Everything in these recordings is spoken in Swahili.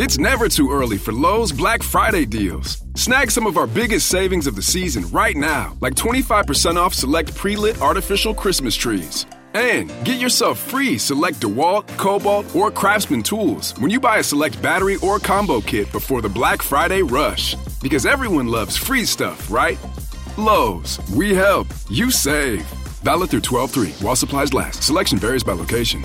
It's never too early for Lowe's Black Friday deals. Snag some of our biggest savings of the season right now, like 25% off select pre lit artificial Christmas trees. And get yourself free select DeWalt, Cobalt, or Craftsman tools when you buy a select battery or combo kit before the Black Friday rush. Because everyone loves free stuff, right? Lowe's, we help, you save. Valid through 12 3 while supplies last. Selection varies by location.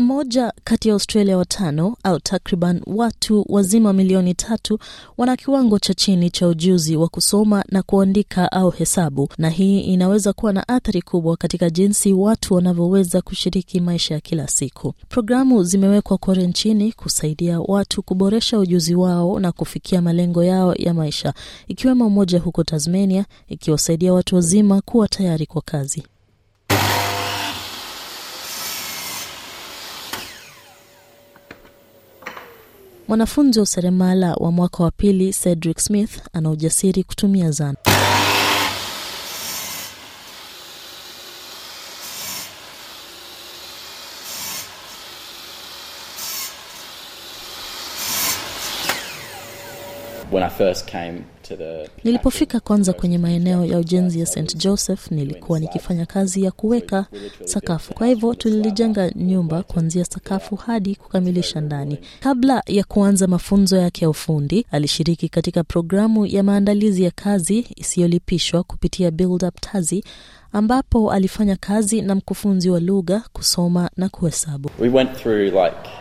Mmoja kati ya Australia watano au takriban watu wazima milioni tatu wana kiwango cha chini cha ujuzi wa kusoma na kuandika au hesabu, na hii inaweza kuwa na athari kubwa katika jinsi watu wanavyoweza kushiriki maisha ya kila siku. Programu zimewekwa kore nchini kusaidia watu kuboresha ujuzi wao na kufikia malengo yao ya maisha, ikiwemo mmoja huko Tasmania ikiwasaidia watu wazima kuwa tayari kwa kazi. Mwanafunzi wa useremala wa mwaka wa pili Cedric Smith ana ujasiri kutumia zana. Nilipofika kwanza kwenye maeneo ya ujenzi ya St Joseph, nilikuwa nikifanya kazi ya kuweka sakafu. Kwa hivyo tulilijenga nyumba kuanzia sakafu hadi kukamilisha ndani. Kabla ya kuanza mafunzo yake ya ufundi, alishiriki katika programu ya maandalizi ya kazi isiyolipishwa kupitia Build Up Tazi ambapo alifanya kazi na mkufunzi wa lugha, kusoma na kuhesabu. We went through like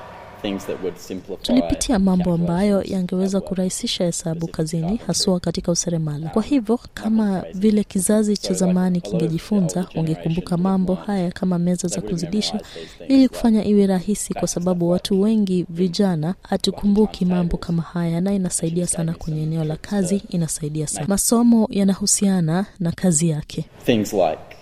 Tulipitia mambo ambayo yangeweza kurahisisha hesabu kazini, haswa katika useremala. Kwa hivyo, kama vile kizazi cha zamani kingejifunza, wangekumbuka mambo haya kama meza za kuzidisha, ili kufanya iwe rahisi, kwa sababu watu wengi vijana hatukumbuki mambo kama haya, na inasaidia sana kwenye eneo la kazi. Inasaidia sana, masomo yanahusiana na kazi yake. Things like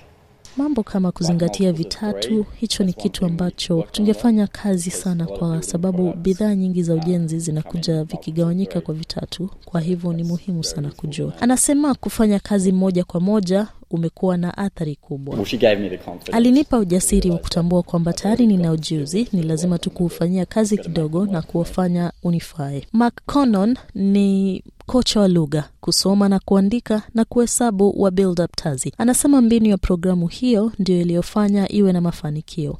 Mambo kama kuzingatia vitatu, hicho ni kitu ambacho tungefanya kazi sana, kwa sababu bidhaa nyingi za ujenzi zinakuja vikigawanyika kwa vitatu, kwa hivyo ni muhimu sana kujua. Anasema kufanya kazi moja kwa moja umekuwa na athari kubwa. Alinipa ujasiri wa kutambua kwamba tayari nina ujuzi, ni lazima tu kuufanyia kazi kidogo na kuwafanya unifae. mcconon ni kocha wa lugha, kusoma na kuandika na kuhesabu wa Build-Up Tazi. Anasema mbinu ya programu hiyo ndiyo iliyofanya iwe na mafanikio.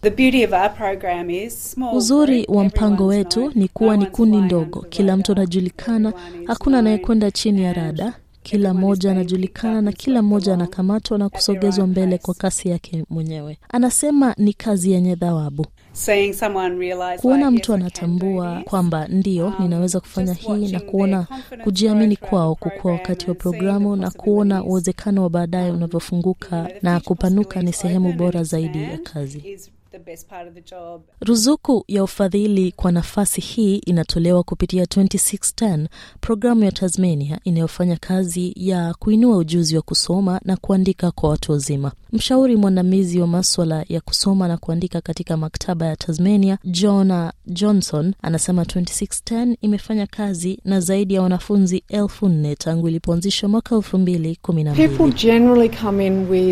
Uzuri wa mpango wetu ni kuwa ni kundi ndogo, kila mtu anajulikana, hakuna anayekwenda chini ya rada. Kila mmoja anajulikana na kila mmoja anakamatwa na kusogezwa mbele kwa kasi yake mwenyewe. Anasema ni kazi yenye dhawabu kuona mtu anatambua kwamba ndio um, ninaweza kufanya hii, na kuona kujiamini kwao kukua wakati wa programu, na kuona uwezekano wa baadaye um, unavyofunguka na kupanuka, ni sehemu bora zaidi ya kazi the best part of the job. Ruzuku ya ufadhili kwa nafasi hii inatolewa kupitia 2610 programu ya Tasmania inayofanya kazi ya kuinua ujuzi wa kusoma na kuandika kwa watu wazima. Mshauri mwandamizi wa maswala ya kusoma na kuandika katika maktaba ya Tasmania, Jona Johnson, anasema 2610 imefanya kazi na zaidi ya wanafunzi elfu nne tangu ilipoanzishwa mwaka elfu mbili kumi na mbili.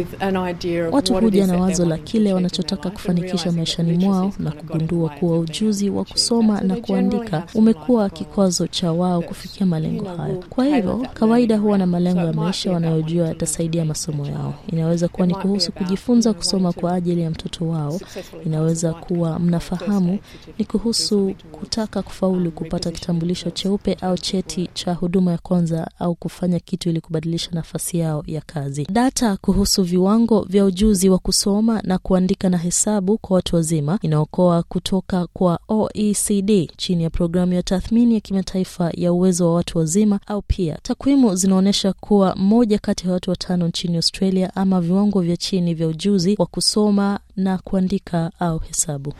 Watu huja na wazo la kile wanachotaka kufanikia kujisaisha maishani mwao na kugundua kuwa ujuzi wa kusoma na kuandika umekuwa kikwazo cha wao kufikia malengo hayo. Kwa hivyo, kawaida huwa na malengo ya maisha wanayojua yatasaidia masomo yao. Inaweza kuwa ni kuhusu kujifunza kusoma kwa ajili ya mtoto wao, inaweza kuwa mnafahamu, ni kuhusu kutaka kufaulu um, kupata kitambulisho cheupe au cheti cha huduma ya kwanza au kufanya kitu ili kubadilisha nafasi yao ya kazi. Data kuhusu viwango vya ujuzi wa kusoma na kuandika na hesabu kwa watu wazima inaokoa kutoka kwa OECD chini ya programu ya tathmini ya kimataifa ya uwezo wa watu wazima au pia takwimu zinaonyesha kuwa mmoja kati ya watu watano nchini Australia ama viwango vya chini vya ujuzi wa kusoma na kuandika au hesabu.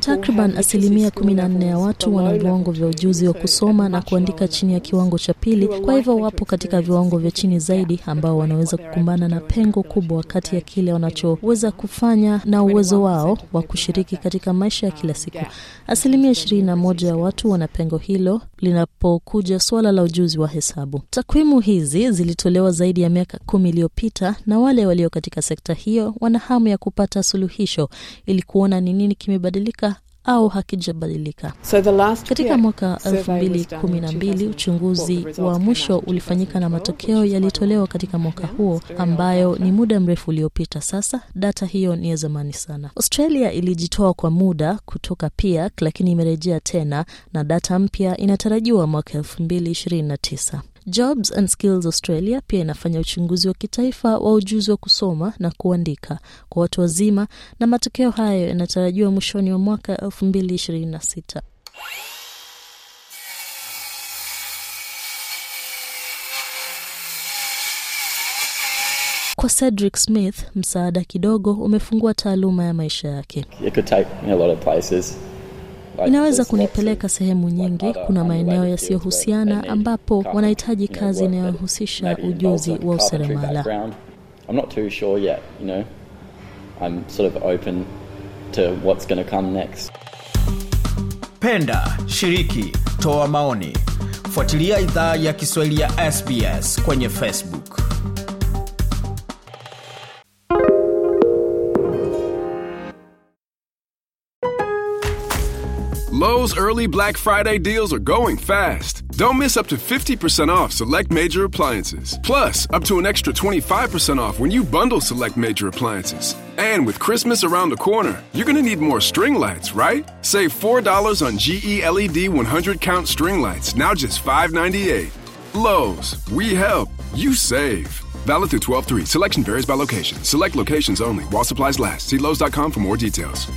Takriban asilimia 14 ya watu wana viwango vya ujuzi wa kusoma na kuandika chini ya kiwango cha pili, kwa hivyo wapo katika viwango vya chini zaidi, ambao wanaweza kukumbana na pengo kubwa kati ya kile wanachoweza kufanya na uwezo wao wa kushiriki katika maisha ya kila siku. Asilimia 21 ya watu wana pengo hilo linapokuja suala la ujuzi wa hesabu. Takwimu hizi zilitolewa zaidi ya miaka kumi iliyopita na wale walio katika sekta hiyo wana hamu ya kupata suluhisho ili kuona ni nini kimebadilika au hakijabadilika. So katika mwaka 2012 uchunguzi wa mwisho ulifanyika na matokeo yalitolewa katika mwaka huo, ambayo ni muda mrefu uliopita sasa. Data hiyo ni ya zamani sana. Australia ilijitoa kwa muda kutoka pia lakini imerejea tena na data mpya inatarajiwa mwaka 2029. Jobs and Skills Australia pia inafanya uchunguzi wa kitaifa wa ujuzi wa kusoma na kuandika kwa watu wazima na matokeo hayo yanatarajiwa mwishoni wa mwaka 2026. Kwa Cedric Smith, msaada kidogo umefungua taaluma ya maisha yake. It could take a lot of inaweza kunipeleka sehemu nyingi. Kuna maeneo yasiyohusiana ambapo wanahitaji kazi inayohusisha ujuzi wa useremala. Penda, shiriki, toa maoni. Fuatilia idhaa ya Kiswahili ya SBS kwenye Facebook. Lowe's early Black Friday deals are going fast. Don't miss up to 50% off select major appliances. Plus, up to an extra 25% off when you bundle select major appliances. And with Christmas around the corner, you're going to need more string lights, right? Save $4 on GE LED 100 count string lights, now just $5.98. Lowe's, we help, you save. Valid through 12 3. Selection varies by location. Select locations only while supplies last. See Lowe's.com for more details.